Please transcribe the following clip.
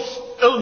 us